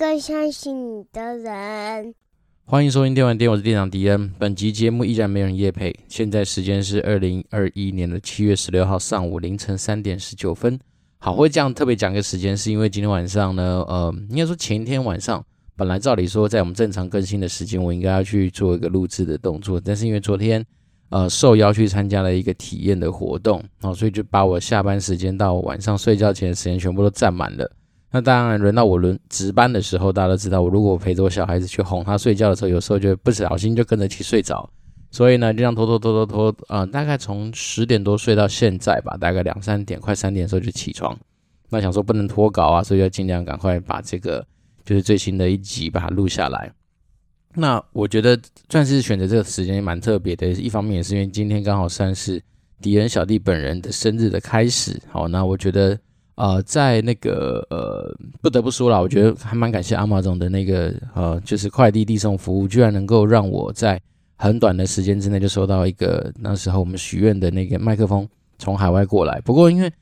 更相信你的人。歡迎收聽《電玩店》，我是店長迪恩。本集節目依然沒有人業配。現在時間是二零二一年的七月十六號上午凌晨三點十九分。好，會這樣特別講一個時間，是因為今天晚上呢，呃，應該說前一天晚上，本來照理說在我們正常更新的時間，我應該要去做一個錄制的動作，但是因為昨天，呃，受邀去參加了一個體驗的活動，啊、哦，所以就把我下班時間到晚上睡覺前的時間全部都占滿了。那當然，輪到我輪值班的時候，大家都知道，我如果陪着我小孩子去哄他睡覺的時候，有時候就不小心就跟着一起睡着，所以呢，就這樣拖拖拖拖拖啊、呃，大概從十點多睡到現在吧，大概兩三點快三點的時候就起床。那想說不能拖稿啊，所以要盡量趕快把這個就是最新的一集把它錄下來。那我覺得算是選擇這個時間也蠻特別的，一方面也是因為今天剛好算是迪恩小弟本人的生日的開始。好，那我覺得。呃，在那個呃，不得不說啦，我覺得還蠻感謝 Amazon 的那個呃，就是快遞遞送服務，居然能夠讓我在很短的時間之內就收到一個那時候我們許願的那個麥克風從海外過來。不過因為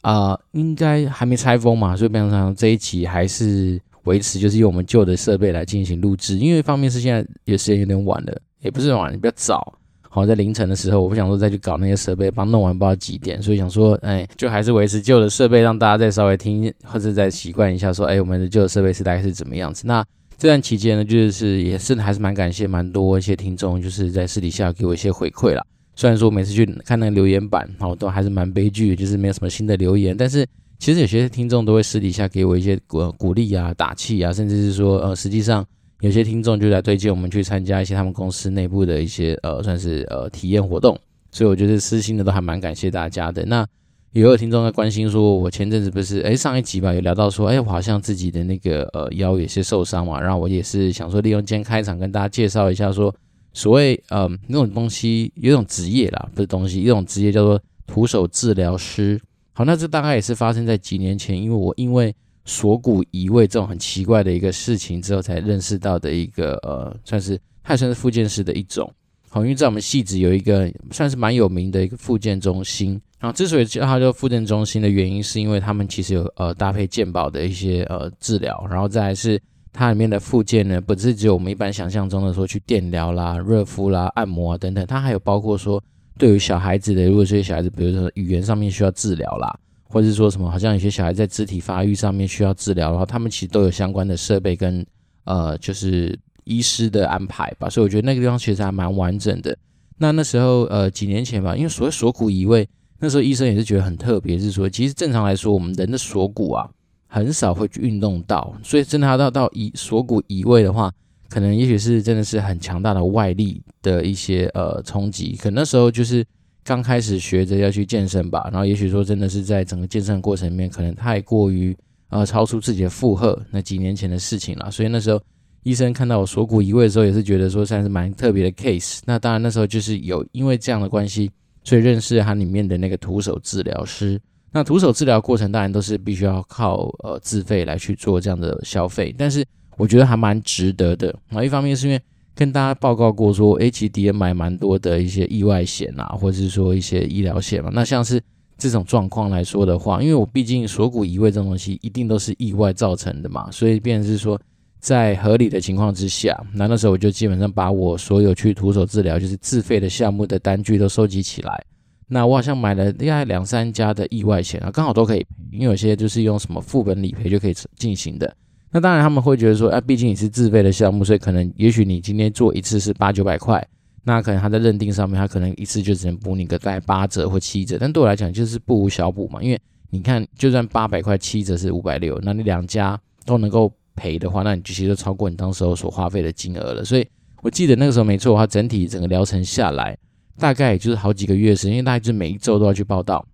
啊、呃，應該還沒拆封嘛，所以變成這一期還是維持就是用我們舊的設備來進行錄制。因為一方面是現在也時間有點晚了，也不是晚，比較早。好，在凌晨的時候，我不想說再去搞那些設備，幫弄完不知道幾點，所以想說，哎，就還是維持舊的設備，讓大家再稍微聽或者再習慣一下，說，哎，我們的舊的設備是大概是怎麼樣子。那這段期間呢，就是也是還是蠻感謝蠻多一些聽眾，就是在私底下給我一些回饋啦。雖然說每次去看那個留言板，好都還是蠻悲劇，就是沒有什麼新的留言，但是其實有些聽眾都會私底下給我一些鼓鼓勵啊、打氣啊，甚至是說，呃，實際上。有些聽眾就來推薦我們去參加一些他們公司內部的一些呃，算是呃體驗活動，所以我覺得私心的都還蠻感謝大家的。那也有聽眾在關心，說我前陣子不是哎、欸、上一集吧，有聊到說哎、欸、我好像自己的那個呃腰有些受傷嘛，然後我也是想說利用今天開場跟大家介紹一下，說所謂呃那種東西有種職業啦，不是東西，一種職業叫做徒手治療師。好，那這大概也是發生在幾年前，因為我因為。鎖骨移位這種很奇怪的一個事情之後，才認識到的一個呃，算是它也算是復健師的一種。好，因為在我們汐止有一個算是蠻有名的一個復健中心。然後之所以叫它叫復健中心的原因，是因為他們其實有呃搭配健保的一些呃治療，然後再來是它裡面的復健呢，不是只有我們一般想象中的說去電療啦、熱敷啦、按摩啊等等，它還有包括說對於小孩子的，如果這些小孩子比如說語言上面需要治療啦。或者是說什麼，好像有些小孩在肢體發育上面需要治療，然後他們其實都有相關的設備跟呃，就是醫師的安排吧。所以我覺得那個地方其實還蠻完整的。那那時候呃，幾年前吧，因為所謂鎖骨移位，那時候醫生也是覺得很特別，是說其實正常來說，我們人的鎖骨啊很少會去運動到，所以真的要到到移鎖骨移位的話，可能也許是真的是很強大的外力的一些呃衝擊。可那時候就是。剛開始學着要去健身吧，然後也許說真的是在整個健身的過程裡面可能太過於呃超出自己的負荷，那幾年前的事情了。所以那時候醫生看到我鎖骨移位的時候也是覺得說算是蠻特別的 case。那當然那時候就是有因為這樣的關係，所以認識了他裡面的那個徒手治療師。那徒手治療過程當然都是必須要靠呃自費來去做這樣的消費，但是我覺得還蠻值得的。然後一方面是因為。跟大家報告過說，誒，其實買蠻多的一些意外險啊，或者是說一些醫療險嘛。那像是這種狀況來說的話，因為我畢竟鎖骨移位這種東西一定都是意外造成的嘛，所以變成是說在合理的情況之下，那那時候我就基本上把我所有去徒手治療就是自費的項目的單據都收集起來。那我好像買了大概兩三家的意外險啊，剛好都可以賠，因為有些就是用什麼副本理賠就可以進行的。那當然，他們會覺得說，啊，畢竟也是自費的項目，所以可能也許你今天做一次是八九百塊，那可能他在認定上面，他可能一次就只能補你個大概八折或七折。但對我來講，就是不無小補嘛，因為你看，就算八百塊七折是五百六，那你兩家都能夠賠的話，那你其實就超過你當時候所花費的金額了。所以，我記得那個時候沒錯的話，整體整個療程下來，大概也就是好幾個月時間，因為大概就是每一週都要去報到。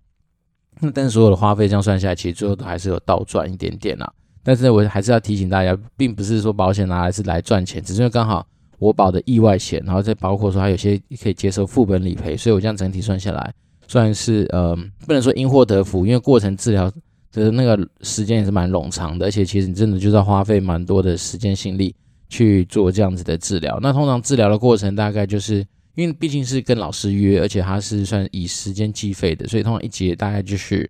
那但是所有的花費這樣算下來，其實最後都還是有倒賺一點點啊。但是我還是要提醒大家，並不是說保險拿來是來賺錢，只是因為剛好我保的意外險，然後再包括說它有些可以接受副本理賠，所以我這樣整體算下來算，雖然是呃不能說因禍得福，因為過程治療的那個時間也是蠻冗長的，而且其實你真的就是要花費蠻多的時間心力去做這樣子的治療。那通常治療的過程大概就是因為畢竟是跟老師約，而且他是算以時間計費的，所以通常一節大概就是。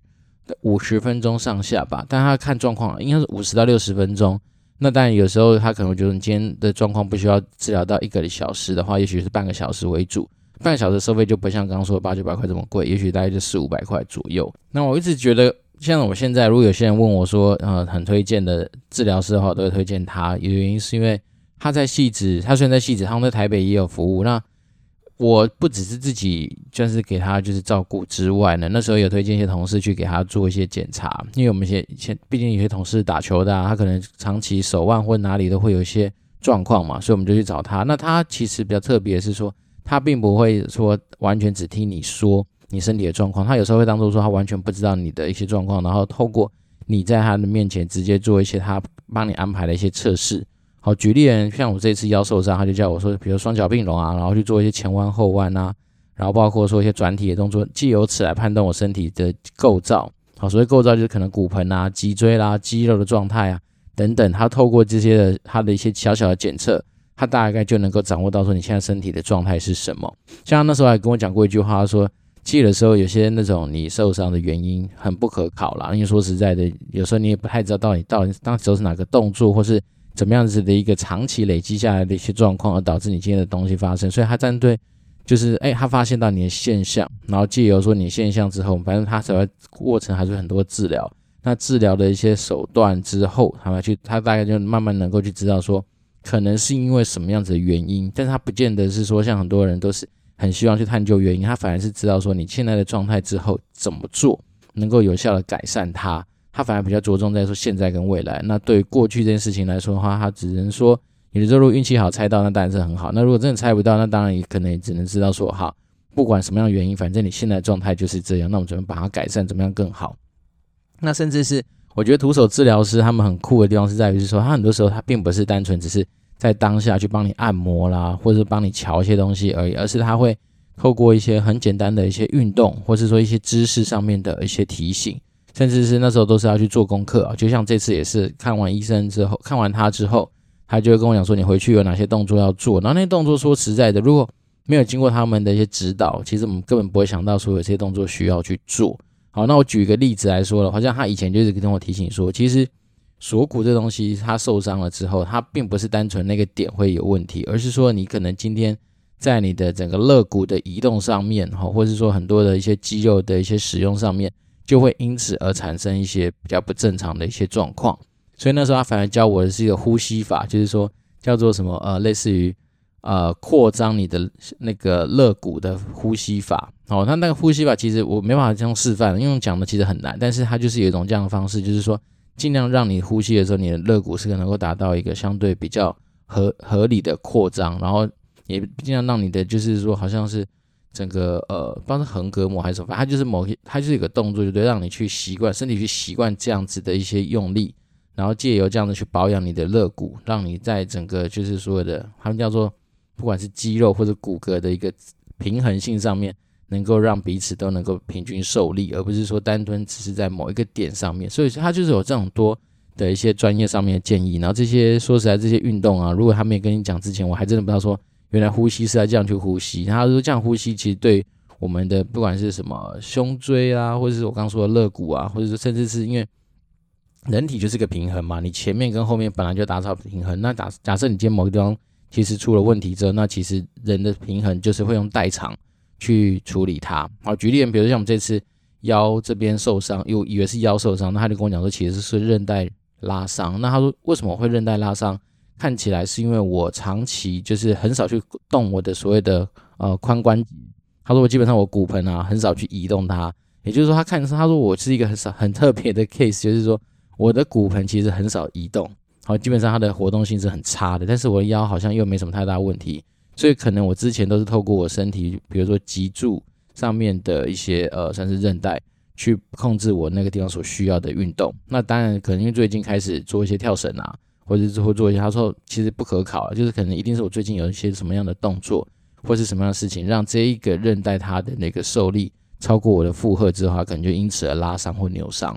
五十分鐘上下吧，但他看狀況，應該是五十到六十分鐘。那當然有時候他可能覺得你今天的狀況不需要治療到一個小時的話，也許是半個小時為主。半個小時收費就不像剛剛說的八九百塊這麼貴，也許大概就四五百塊左右。那我一直覺得，像我現在，如果有些人問我說，呃，很推薦的治療師的話，我都會推薦他。有原因是因為他在汐止，他雖然在汐止，他們在台北也有服務。那我不只是自己，就是給他就是照顧之外呢，那時候有推薦一些同事去給他做一些檢查，因為我們以前以前，畢竟有些同事打球的啊，他可能長期手腕或哪裡都會有一些狀況嘛，所以我們就去找他。那他其實比較特別的是說，他並不會說完全只聽你說你身體的狀況，他有時候會當做說他完全不知道你的一些狀況，然後透過你在他的面前直接做一些他幫你安排的一些測試。好，舉例人，像我這次腰受傷，他就叫我說，比如雙腳併攏啊，然後去做一些前彎後彎啊，然後包括說一些轉體的動作，藉由此來判斷我身體的構造。好，所謂構造就是可能骨盆啊、脊椎啦、啊、肌肉的狀態啊等等，他透過這些的他的一些小小的檢測，他大概就能夠掌握到說你現在身體的狀態是什麼。像他那時候還跟我講過一句話，他說記得時候有些那種你受傷的原因很不可考啦。因為說實在的，有時候你也不太知道到底到底當時候是哪個動作或是。怎麼樣子的一個長期累積下來的一些狀況，而導致你今天的東西發生。所以，他針對就是，哎，他發現到你的現象，然後借由說你的現象之後，反正他整個過程還是很多治療。那治療的一些手段之後，他去，他大概就慢慢能夠去知道說，可能是因為什麼樣子的原因。但是他不見得是說像很多人都是很希望去探究原因，他反而是知道說你現在的狀態之後怎麼做能夠有效的改善它。他反而比較着重在說現在跟未來。那對於過去這件事情來說的話，他只能說你如果運氣好猜到，那當然是很好。那如果真的猜不到，那當然也可能也只能知道說，好，不管什麼樣的原因，反正你現在的狀態就是這樣。那我們怎麼把它改善？怎麼樣更好？那甚至是我覺得徒手治療師他們很酷的地方是在於，是說他很多時候他並不是單純只是在當下去幫你按摩啦，或者是幫你喬一些東西而已，而是他會透過一些很簡單的一些運動，或是說一些知識上面的一些提醒。甚至是那時候都是要去做功課啊，就像這次也是看完醫生之後，看完他之後，他就會跟我講說，你回去有哪些動作要做。然後那些動作說實在的，如果沒有經過他們的一些指導，其實我們根本不會想到說有這些動作需要去做。好，那我舉一個例子來說了，好像他以前就是跟我提醒說，其實鎖骨這東西它受傷了之後，它並不是單純那個點會有問題，而是說你可能今天在你的整個肋骨的移動上面，哈，或者說很多的一些肌肉的一些使用上面。就會因此而產生一些比較不正常的一些狀況，所以那時候他反而教我的是一個呼吸法，就是說叫做什麼呃，類似於呃擴張你的那個肋骨的呼吸法。好，他那個呼吸法其實我沒辦法這樣示範，因為講的其實很難，但是它就是有一種這樣的方式，就是說儘量讓你呼吸的時候，你的肋骨是能夠達到一個相對比較合合理的擴張，然後也儘量讓你的，就是說好像是。整個呃，不管是橫膈膜還是什麼，反正它就是某些，它就是有個動作，就對，讓你去習慣身體去習慣這樣子的一些用力，然後借由這樣子去保養你的肋骨，讓你在整個就是說的他們叫做不管是肌肉或者骨骼的一個平衡性上面，能夠讓彼此都能夠平均受力，而不是說單純，只是在某一個點上面。所以他就是有這種多的一些專業上面的建議，然後這些說實在這些運動啊，如果他沒跟你講之前，我還真的不知道說。原來呼吸是在這樣去呼吸，然後說這樣呼吸其實對我們的不管是什麼胸椎啊，或者是我剛剛說的肋骨啊，或者是甚至是因為人體就是個平衡嘛，你前面跟後面本來就達到平衡，那假假設你今天某個地方其實出了問題之後，那其實人的平衡就是會用代償去處理它。好，舉例，比如像我們這次腰這邊受傷，又以為是腰受傷，那他就跟我講說其實是韌帶拉傷，那他說為什麼會韌帶拉傷？看起來是因為我長期就是很少去動我的所謂的呃髖關節，他說我基本上我骨盆啊很少去移動它，也就是說他看他說我是一個很少很特別的 case，就是說我的骨盆其實很少移動，好，基本上它的活動性是很差的，但是我的腰好像又沒什麼太大問題，所以可能我之前都是透過我身體，比如說脊柱上面的一些呃算是韌帶去控制我那個地方所需要的運動，那當然可能因為最近開始做一些跳繩啊。或者之後做一些，他說其實不可考，就是可能一定是我最近有一些什麼樣的動作，或是什麼樣的事情，讓這一個韌帶它的那個受力超過我的負荷之後，它可能就因此而拉傷或扭傷。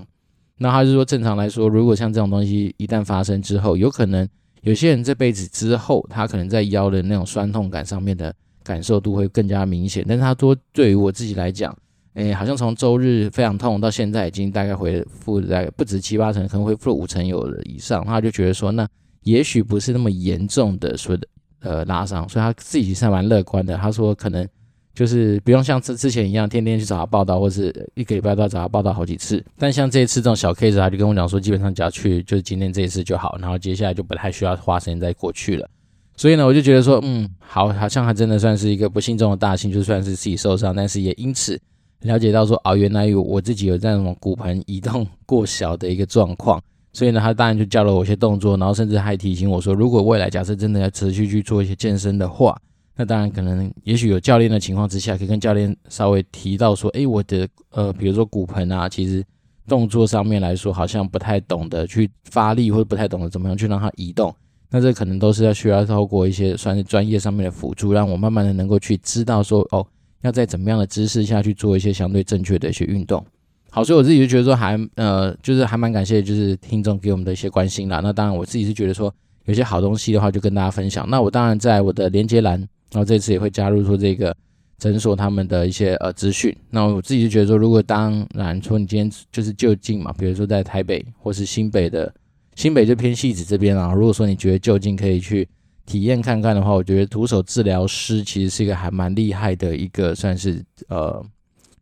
那他是說正常來說，如果像這種東西一旦發生之後，有可能有些人這輩子之後，他可能在腰的那種酸痛感上面的感受度會更加明顯。但是他說對於我自己來講，哎，好像從周日非常痛，到現在已經大概恢復在不止七八成，可能恢復了五成有了以上。他就覺得說，那也許不是那麼嚴重的所以呃拉傷，所以他自己其實還蠻樂觀的。他說可能就是不用像之之前一樣天天去找他報到，或是一個禮拜都要找他報到好幾次。但像這一次這種小 case，他就跟我講說，基本上只要去就是今天這一次就好，然後接下來就不太需要花時間再過去了。所以呢，我就覺得說，嗯，好，好像還真的算是一個不幸中的大幸，就算是自己受傷，但是也因此。了解到說哦，原來有我自己有這樣的骨盆移動過小的一個狀況，所以呢，他當然就教了我一些動作，然後甚至還提醒我說，如果未來假設真的要持續去做一些健身的話，那當然可能也許有教練的情況之下，可以跟教練稍微提到說，誒，我的呃，比如說骨盆啊，其實動作上面來說好像不太懂得去發力，或者不太懂得怎麼樣去讓它移動，那這可能都是要需要透過一些算是專業上面的輔助，讓我慢慢的能夠去知道說哦。要在怎麼樣的姿勢下去做一些相對正確的一些運動。好，所以我自己就覺得說，還呃，就是還蠻感謝就是聽眾給我們的一些關心啦。那當然我自己是覺得說有些好東西的話就跟大家分享。那我當然在我的連接欄，然後這次也會加入說這個診所他們的一些呃資訊。那我自己就覺得說，如果當然說你今天就是就近嘛，比如說在台北或是新北的新北就偏汐止這邊啊，如果說你覺得就近可以去。體驗看看的話，我覺得徒手治療師其實是一個還蠻厲害的一個，算是呃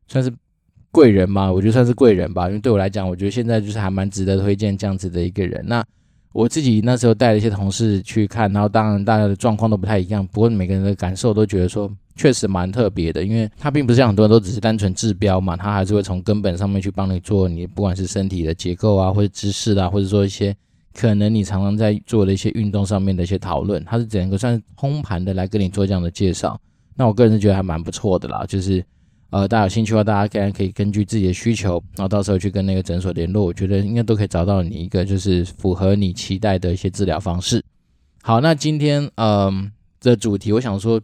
算是貴人嘛，我覺得算是貴人吧。因為對我來講，我覺得現在就是還蠻值得推薦這樣子的一個人。那我自己那時候帶了一些同事去看，然後當然大家的狀況都不太一樣，不過每個人的感受都覺得說確實蠻特別的，因為他並不是像很多人都只是單純治標嘛，他還是會從根本上面去幫你做你，你不管是身體的結構啊，或者姿勢啊，或者說一些。可能你常常在做的一些運動上面的一些討論，它是整個算是通盤的來跟你做這樣的介紹。那我個人是覺得還蠻不錯的啦，就是呃，大家有興趣的話，大家當然可以根據自己的需求，然後到時候去跟那個診所聯絡，我覺得應該都可以找到你一個就是符合你期待的一些治療方式。好，那今天嗯、呃、的主題，我想說，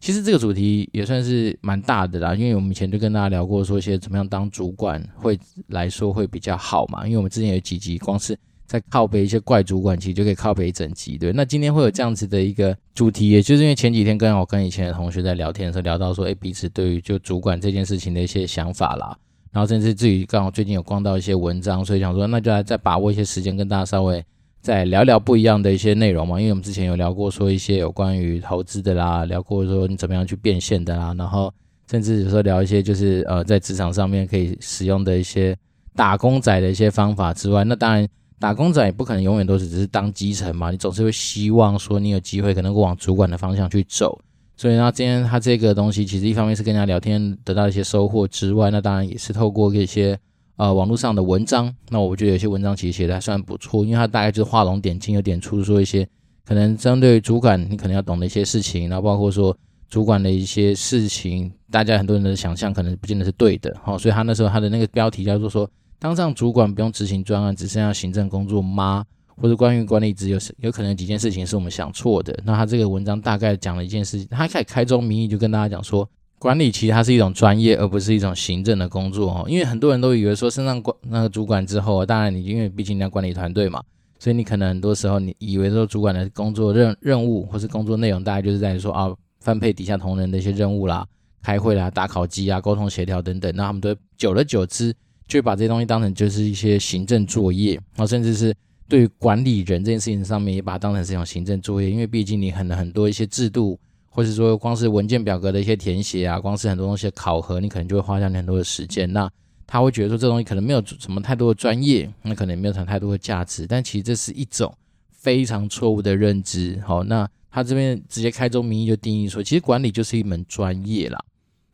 其實這個主題也算是蠻大的啦，因為我們以前就跟大家聊過說一些怎麼樣當主管會來說會比較好嘛，因為我們之前有幾集光是在靠北一些怪主管，其實就可以靠北一整集，對。那今天會有這樣子的一個主題，也就是因為前幾天剛好跟,我跟我以前的同學在聊天的時候聊到說，哎、欸，彼此對於就主管這件事情的一些想法啦，然後甚至至於剛好最近有逛到一些文章，所以想說那就來再把握一些時間，跟大家稍微再聊聊不一樣的一些內容嘛。因為我們之前有聊過說一些有關於投資的啦，聊過說你怎麼樣去變現的啦，然後甚至有時候聊一些就是呃在職場上面可以使用的一些打工仔的一些方法之外，那當然。打工仔不可能永遠都是只是當基層嘛，你總是會希望說你有機會可能會往主管的方向去走。所以呢，今天他這個東西其實一方面是跟人家聊天得到一些收穫之外，那當然也是透過這些呃網絡上的文章。那我覺得有些文章其實寫的還算不錯，因為他大概就是畫龍點睛，有點出說一些可能針對主管你可能要懂的一些事情，然後包括說主管的一些事情，大家很多人的想象可能不見得是對的。好，所以他那時候他的那個標題叫做說。當上主管不用執行專案，只剩下行政工作嗎？或者關於管理職，有是有可能幾件事情是我們想錯的？那他這個文章大概講了一件事情，他一開始開宗明義就跟大家講說，管理其實它是一種專業，而不是一種行政的工作哦。因為很多人都以為說升上管那個主管之後，當然你因為畢竟你要管理團隊嘛，所以你可能很多時候你以為說主管的工作任任務或是工作內容大概就是在於說啊分配底下同仁的一些任務啦、開會啦、打考績啊、溝通協調等等，那他們都久了久之。就把這些東西當成就是一些行政作業，然後甚至是對管理人這件事情上面也把它當成是一種行政作業，因為畢竟你很很多一些制度，或者說光是文件表格的一些填寫啊，光是很多東西的考核，你可能就會花下你很多的時間。那他會覺得說這東西可能沒有什麼太多的專業，那可能也沒有什麼太多的價值。但其實這是一種非常錯誤的認知。好，那他這邊直接開宗明義就定義說，其實管理就是一門專業啦。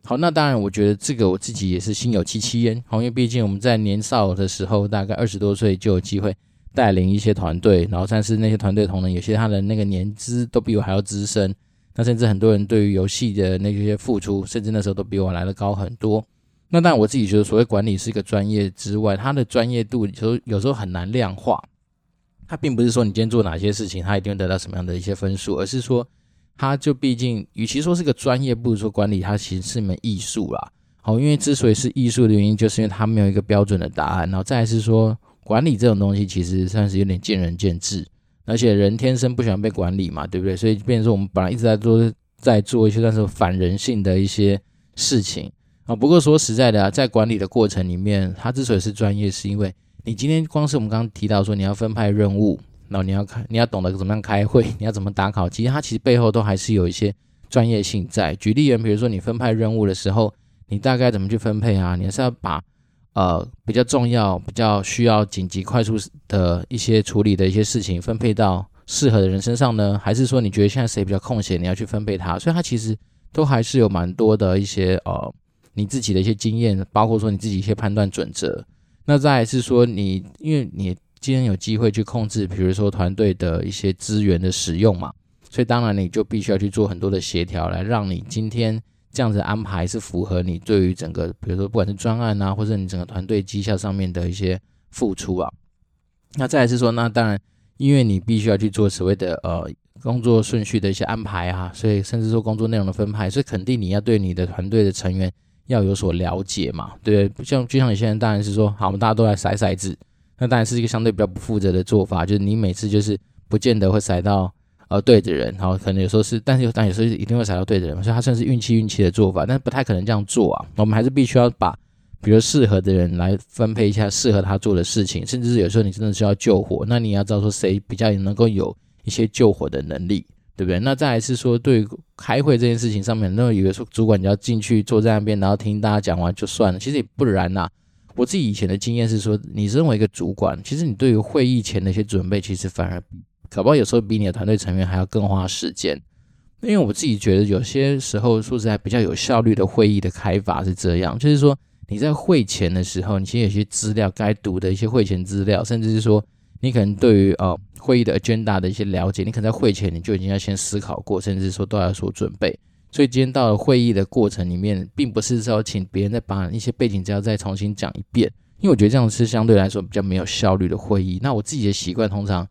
好，那當然，我覺得這個我自己也是心有戚戚焉，因為畢竟我們在年少的時候，大概二十多歲就有機會帶領一些團隊，然後但是那些團隊同仁，有些他的那個年資都比我還要資深，那甚至很多人對於遊戲的那些付出，甚至那時候都比我來的高很多。那當然，我自己覺得所謂管理是一個專業之外，他的專業度，就有時候很難量化。他並不是說你今天做哪些事情，他一定會得到什麼樣的一些分數，而是說。它就畢竟，與其說是個專業，不如說管理它其實是一門藝術啦，好，因為之所以是藝術的原因，就是因為它沒有一個標準的答案。然後再來是說，管理這種東西其實算是有點見仁見智，而且人天生不喜歡被管理嘛，對不對？所以變成說，我們本來一直在做，在做一些算是反人性的一些事情啊。不過說實在的，在管理的過程裡面，它之所以是專業，是因為你今天光是我們剛剛提到說你要分派任務。那你要開，你要懂得怎麼樣開會，你要怎麼打卡，其實它其實背後都還是有一些專業性在。舉例而言，比如說你分派任務的時候，你大概怎麼去分配啊？你還是要把呃比較重要、比較需要緊急、快速的一些處理的一些事情分配到適合的人身上呢？還是說你覺得現在誰比較空閒，你要去分配他？所以它其實都還是有蠻多的一些呃你自己的一些經驗，包括說你自己一些判斷準則。那再來是說你因為你，今天有機會去控制，比如說團隊的一些資源的使用嘛，所以當然你就必須要去做很多的協調，來讓你今天這樣子安排是符合你對於整個，比如說不管是專案啊，或者你整個團隊績效上面的一些付出啊。那再來是說，那當然，因為你必須要去做所謂的呃工作順序的一些安排啊，所以甚至說工作內容的分派，所以肯定你要對你的團隊的成員要有所了解嘛，對不對？像就像你現在當然是說，好，我們大家都來篩篩子。那當然是一個相對比較不負責的做法，就是你每次就是不見得會塞到呃對的人，然後可能有時候是，但是但有，有時候是一定會塞到對的人，所以他算是運氣運氣的做法，但是不太可能這樣做啊。我們還是必須要把比如說適合的人來分配一下適合他做的事情，甚至是有時候你真的需要救火，那你要知道說誰比較能夠有一些救火的能力，對不對？那再來是說對於開會這件事情上面，那麼有的時候主管你要進去坐在那邊，然後聽大家講完就算了，其實也不然吶、啊。我自己以前的經驗是說，你身為一個主管，其實你對於會議前的一些準備，其實反而搞不好有時候比你的團隊成員還要更花時間。因為我自己覺得有些時候說實在比較有效率的會議的開法是這樣，就是說你在會前的時候，你其實有些資料該讀的一些會前資料，甚至是說你可能對於呃會議的 agenda 的一些了解，你可能在會前你就已經要先思考過，甚至說都要做準備。所以今天到了會議的過程裡面，並不是說請別人再把一些背景資料再重新講一遍，因為我覺得這樣是相對來說比較沒有效率的會議。那我自己的習慣，通常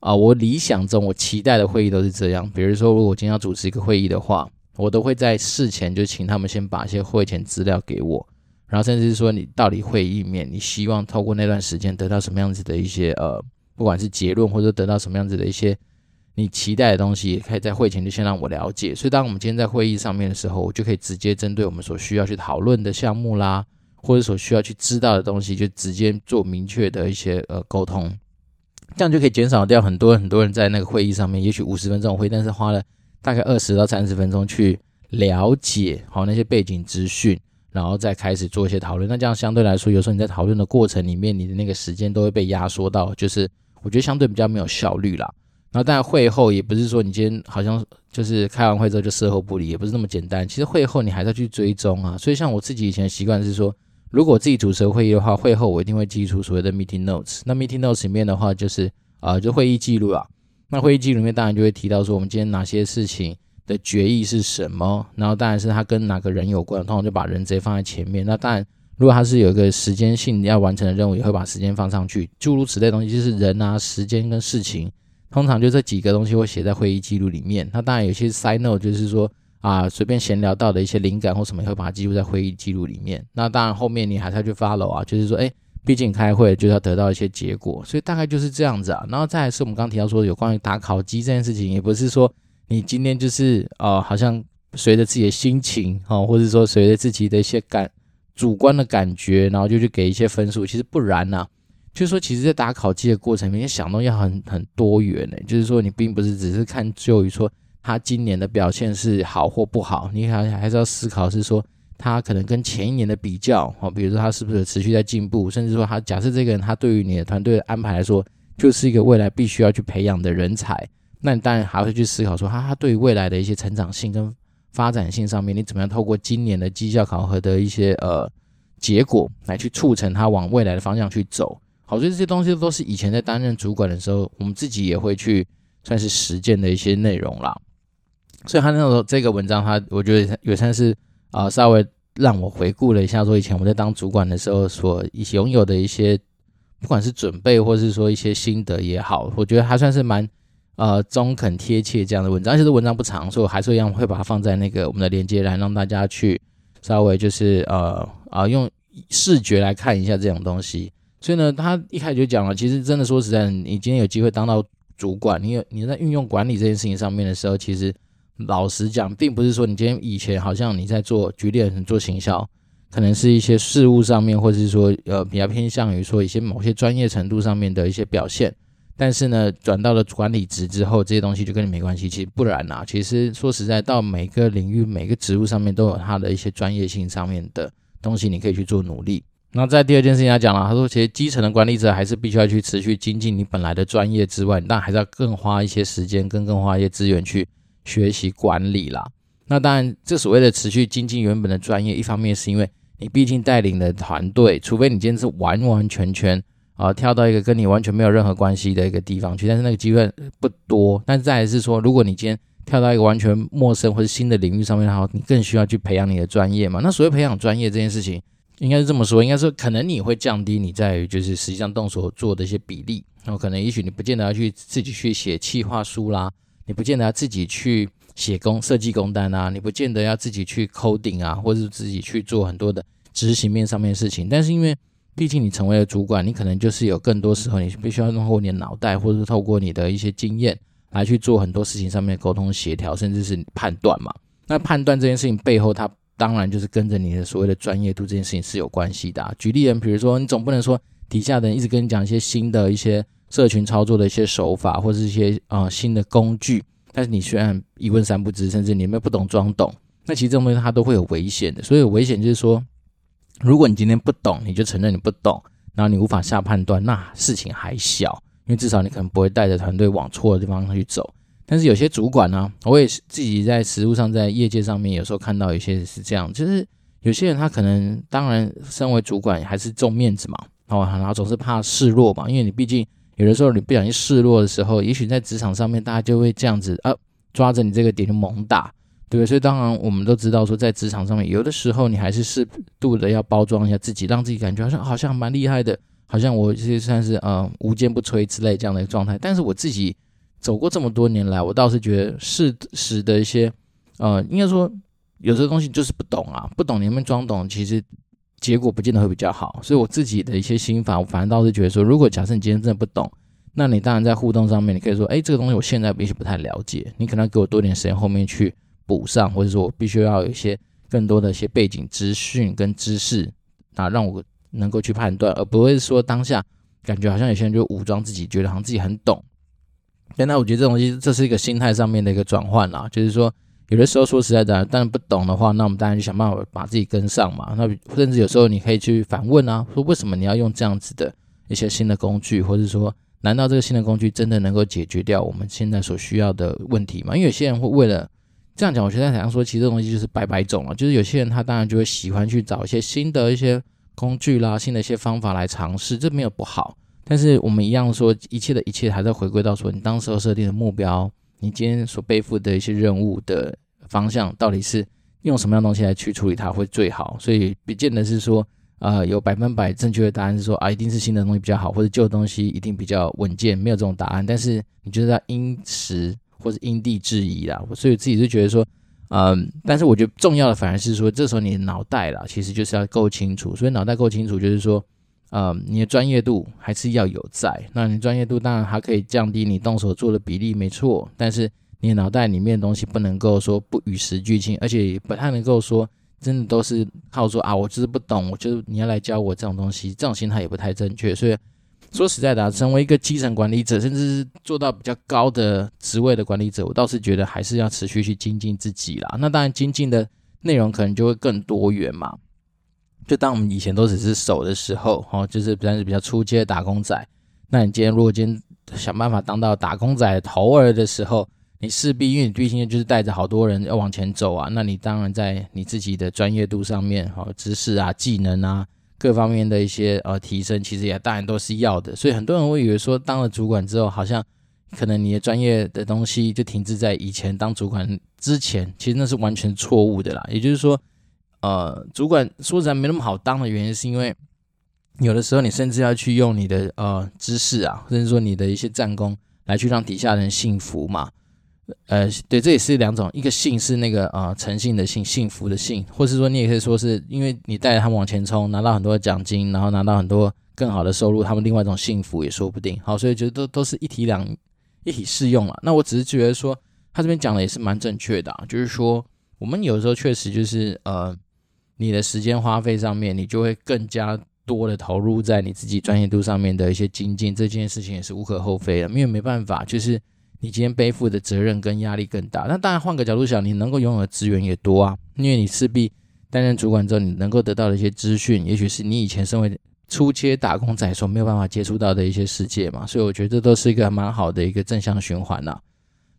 啊、呃，我理想中我期待的會議都是這樣。比如說，如果我今天要主持一個會議的話，我都會在事前就請他們先把一些會前資料給我，然後甚至是說你到底會議裡面，你希望透過那段時間得到什麼樣子的一些呃，不管是結論或者得到什麼樣子的一些。你期待的東西可以在會前就先讓我了解，所以當我們今天在會議上面的時候，我就可以直接針對我們所需要去討論的項目啦，或者所需要去知道的東西，就直接做明確的一些呃溝通，這樣就可以減少掉很多很多人在那個會議上面，也許五十分鐘會，但是花了大概二十到三十分鐘去了解好那些背景資訊，然後再開始做一些討論。那這樣相對來說，有時候你在討論的過程裡面，你的那個時間都會被壓縮到，就是我覺得相對比較沒有效率啦。然後當然會後也不是說你今天好像就是開完會之後就事後不理，也不是那麼簡單。其實會後你還是要去追蹤啊。所以像我自己以前的習慣是說，如果我自己主持了會議的話，會後我一定會寄出所謂的 meeting notes。那 meeting notes 裡面的話就是啊、呃，就會議記錄啊。那會議記錄裡面當然就會提到說我們今天哪些事情的決議是什麼，然後當然是他跟哪個人有關，通常就把人直接放在前面。那當然，如果他是有一個時間性要完成的任務，也會把時間放上去。諸如此類的東西，就是人啊、時間跟事情。通常就這幾個東西會寫在會議記錄裡面。那當然有些 side note 就是說啊，隨便閒聊到的一些靈感或什麼，會把它記錄在會議記錄裡面。那當然後面你還是要去 follow 啊，就是說，誒、欸、畢竟開會就是、要得到一些結果，所以大概就是這樣子啊。然後再來是我們剛提到說有關於打考績這件事情，也不是說你今天就是啊，好像隨着自己的心情、啊、或者說隨着自己的一些感主觀的感覺，然後就去給一些分數，其實不然吶、啊。就是、說，其實，在打考績的過程裡面，想東西很很多元，就是說，你並不是只是看就於說他今年的表現是好或不好，你還還是要思考是說，他可能跟前一年的比較，比如說他是不是持續在進步，甚至說他假設這個人他對於你的團隊的安排來說，就是一個未來必須要去培養的人才，那你當然還會去思考說他，他他對於未來的一些成長性跟發展性上面，你怎麼樣透過今年的績效考核的一些呃結果來去促成他往未來的方向去走。好，所以這些東西都是以前在擔任主管的時候，我們自己也會去算是實踐的一些內容啦，所以他那時候這個文章他，他我覺得也算是啊、呃，稍微讓我回顧了一下，說以前我們在當主管的時候所擁有的一些，不管是準備或是說一些心得也好，我覺得還算是蠻呃中肯貼切這樣的文章，而且這文章不長，所以我還是一樣會把它放在那個我們的連接欄，讓大家去稍微就是呃啊、呃、用視覺來看一下這種東西。所以呢，他一開始就講了，其實真的說實在，你今天有機會當到主管，你有你在運用管理這件事情上面的時候，其實老實講，並不是說你今天以前好像你在做局裡做行銷，可能是一些事物上面，或者是說呃比較偏向於說一些某些專業程度上面的一些表現。但是呢，轉到了管理職之後，這些東西就跟你沒關係。其實不然呐、啊，其實說實在，到每個領域每個職務上面，都有它的一些專業性上面的東西，你可以去做努力。那在第二件事情他講了，他說其實基層的管理者還是必須要去持續精進你本來的專業之外，但還是要更花一些時間跟更，更花一些資源去學習管理啦。那當然，這所謂的持續精進原本的專業，一方面是因為你畢竟帶領的團隊，除非你今天是完完全全啊跳到一個跟你完全沒有任何關係的一個地方去，但是那個機會不多。但是再來是說，如果你今天跳到一個完全陌生或者新的領域上面，然後你更需要去培養你的專業嘛。那所謂培養專業這件事情。應該是這麼說，應該說可能你會降低你在就是實際上動手做的一些比例，然後可能也許你不見得要去自己去寫企劃書啦，你不見得要自己去寫工設計工單啊，你不見得要自己去 coding 啊，或者是自己去做很多的執行面上面的事情。但是因為畢竟你成為了主管，你可能就是有更多時候你必須要透過你的腦袋，或者是透過你的一些經驗來去做很多事情上面的溝通協調，甚至是判斷嘛。那判斷這件事情背後它。當然，就是跟着你的所謂的專業度這件事情是有關係的啊。舉例人，比如說你總不能說底下的人一直跟你講一些新的一些社群操作的一些手法，或者一些啊、呃，新的工具，但是你雖然一問三不知，甚至你沒有不懂裝懂，那其實這種東西它都會有危險的。所以有危險就是說，如果你今天不懂，你就承認你不懂，然後你無法下判斷，那事情還小，因為至少你可能不會帶着團隊往錯的地方去走。但是有些主管呢、啊，我也是自己在實務上，在業界上面，有時候看到有些是這樣，就是有些人他可能，當然身為主管還是重面子嘛，哦，然後總是怕示弱嘛，因為你畢竟有的時候你不小心示弱的時候，也許在職場上面大家就會這樣子啊，抓着你這個點就猛打，對吧？所以當然我們都知道說，在職場上面，有的時候你還是適度的要包裝一下自己，讓自己感覺好像好像蠻厲害的，好像我就算是啊、呃、無堅不摧之類這樣的一個狀態，但是我自己。走過這麼多年來，我倒是覺得事實的一些，呃，應該說有些東西就是不懂啊，不懂你們裝懂，其實結果不見得會比較好。所以我自己的一些心法，我反而倒是覺得說，如果假設你今天真的不懂，那你當然在互動上面，你可以說，哎、欸，這個東西我現在也許不太了解，你可能要給我多點時間，後面去補上，或者說我必須要有一些更多的一些背景資訊跟知識，啊，讓我能夠去判斷，而不會說當下感覺好像有些人就武裝自己，覺得好像自己很懂。對，那我覺得這東西，這是一個心態上面的一個轉換啦、啊。就是說，有的時候說實在的，但不懂的話，那我們當然就想辦法把自己跟上嘛。那甚至有時候你可以去反問啊，說為什麼你要用這樣子的一些新的工具，或者說，難道這個新的工具真的能夠解決掉我們現在所需要的問題嗎？因為有些人會為了這樣講，我覺得他想樣說，其實這東西就是百百種啊。就是有些人他當然就會喜歡去找一些新的一些工具啦，新的一些方法來嘗試，這沒有不好。但是我們一樣說，一切的一切還在回歸到說，你當時設定的目標，你今天所背負的一些任務的方向，到底是用什麼樣東西來去處理它會最好？所以不見得是說啊、呃，有百分百正確的答案是說啊，一定是新的東西比較好，或者舊的東西一定比較穩健，沒有這種答案。但是你就是要因時或者因地制宜啦。所以自己就覺得說，嗯，但是我覺得重要的反而是說，這時候你的腦袋啦，其實就是要夠清楚。所以腦袋夠清楚，就是說。呃，你的專業度還是要有在。那你專業度當然還可以降低你動手做的比例，沒錯。但是你腦袋裡面的東西不能夠說不與時俱進，而且不太能夠說真的都是靠說啊，我就是不懂，我就是你要來教我這種東西，這種心態也不太正確。所以說實在的，成為一個基層管理者，甚至是做到比較高的職位的管理者，我倒是覺得還是要持續去精進自己啦。那當然精進的內容可能就會更多元嘛。就當我們以前都只是手的時候，哦，就是算是比較初階、打工仔。那你今天如果今天想辦法當到打工仔的頭兒的時候，你勢必因為你畢竟就是帶着好多人要往前走啊，那你當然在你自己的專業度上面，哦，知識啊、技能啊，各方面的一些呃提升，其實也當然都是要的。所以很多人會以為說，當了主管之後，好像可能你的專業的東西就停滯在以前當主管之前，其實那是完全錯誤的啦。也就是說。呃，主管說實在沒那麼好當的原因，是因為有的時候你甚至要去用你的呃知識啊，甚至說你的一些戰功來去讓底下人信服嘛。呃，對，這也是兩種，一個信是那個啊、呃、誠信的信，信服的信，或是說你也可以說是因為你帶着他們往前衝，拿到很多獎金，然後拿到很多更好的收入，他們另外一種信服也說不定。好，所以覺得都都是一體兩一體適用了。那我只是覺得說他這邊講的也是蠻正確的，啊，就是說我們有的時候確實就是呃。你的時間花費上面，你就會更加多的投入在你自己專業度上面的一些精進，這件事情也是無可厚非的，因為沒辦法，就是你今天背負的責任跟壓力更大。那當然，換個角度想，你能夠擁有的資源也多啊，因為你勢必擔任主管之後，你能夠得到的一些資訊，也許是你以前身為初階打工仔所沒有辦法接觸到的一些世界嘛，所以我覺得這都是一個蠻好的一個正向循環啊。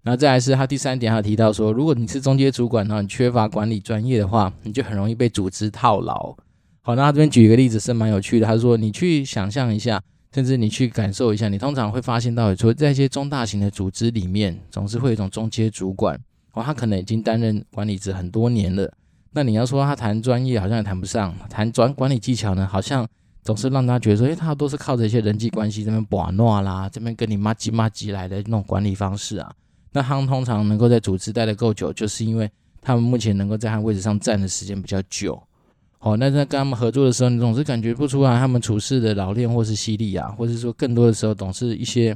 然後再來是他第三點，他有提到說，如果你是中階主管的話，然後你缺乏管理專業的話，你就很容易被組織套牢。好，那他這邊舉一個例子是蠻有趣的。他說，你去想象一下，甚至你去感受一下，你通常會發現到說，說在一些中大型的組織裡面，總是會有一種中階主管，哇，他可能已經擔任管理職很多年了。那你要說他談專業，好像也談不上；談管理技巧呢，好像總是讓他覺得說，哎，他都是靠着一些人際關係這邊把弄啦，這邊跟你嘛唧嘛唧來的那種管理方式啊。那他們通常能夠在組織待的夠久，就是因為他們目前能夠在他位置上站的時間比較久。好、哦，那在跟他們合作的時候，你總是感覺不出來他們處事的老練或是犀利啊，或者說更多的時候總是一些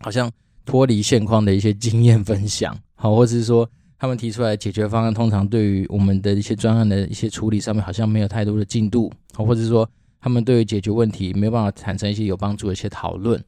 好像脫離現況的一些經驗分享。好、哦，或者是說他們提出來解決方案，通常對於我們的一些專案的一些處理上面好像沒有太多的進度，好、哦，或者說他們對於解決問題沒有辦法產生一些有幫助的一些討論。